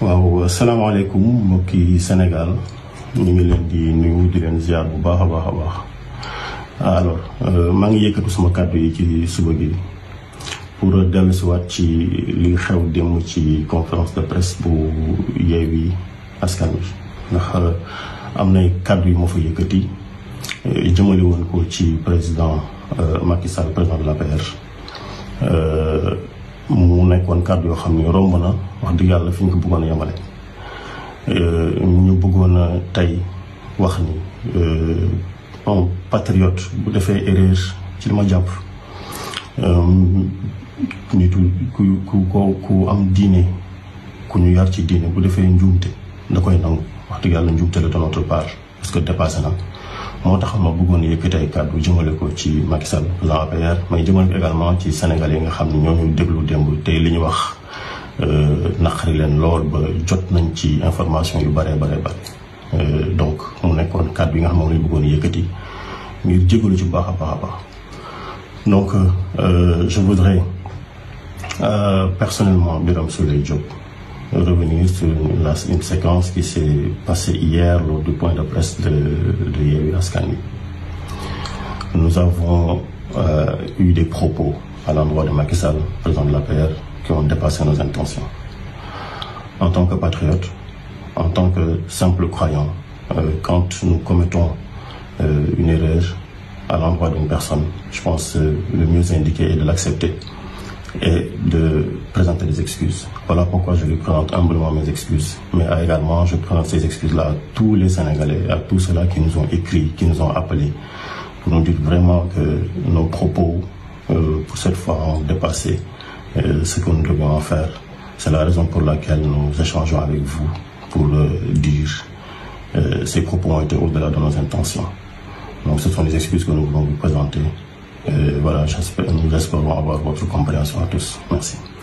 waaw asalaamaaleykum mbokki Sénégal ñu ngi leen di nuyu di leen ziar bu baax a baax a baax alors euh, maa ngi yëkkatu sama kàddu yi ci suba bi pour dellusiwaat ci li xew démb ci conférence de presse bu Yewwi Askan Wi ndax euh, am nay kàddu yu ma fa yëkkati euh, jëmale woon ko ci président Macky Sall président de l'APR nekkoon kàddu yoo xam ne romb na wax dëgg yàlla fi ñu ko bëggoon a yemale. Euh, ñu bëggoon a tey wax ni euh, un patriote bu defee erreur ci li jàpp euh, nitu ku ku ku am diine ku ñu yar ci diine bu defee njuumte da koy nangu wax dëgg yàlla njuumte la de notre parce que dépassé na moo tax ma bëggoon yëkkati ay kàddu jëmale ko ci Macky Sall la APR may jëmale ko également ci Sénégal yi nga xam ne ñoo ñu déglu démb tey li ñu wax euh, naqari leen lool ba jot nañ ci information yu bare bare euh, bare donc mu nekkoon kàddu bi nga xam ne moom lañ bëggoon yëkkati ngir jégalu ci baax a baax a baax donc euh, je voudrais personnellement Birame Souleye Diop revenir sur une, séquence qui s'est passée hier lors du point de presse de, de Yewwi Askan Wi. Nous avons euh, eu des propos à l'endroit de Macky président de l'APR, qui ont dépassé nos intentions. En tant que patriote, en tant que simple croyant, euh, quand nous commettons euh, une erreur à l'endroit d'une personne, je pense euh, le mieux indiqué est de l'accepter. et de présenter des excuses. Voilà pourquoi je présente humblement mes excuses. Mais également, je présente ces excuses à tous les Sénégalais, à tous ceux-là qui nous ont écrit, qui nous ont appelés, pour nous dire vraiment que nos propos, euh, pour cette fois, ont dépassé euh, ce que nous devons en faire. C'est la raison pour laquelle nous échangeons avec vous pour le dire. Euh, ces propos ont été au-delà de nos intentions. Donc ce sont les excuses que nous voulons vous déballages, respect, respect à votre compréhension à tous. Merci.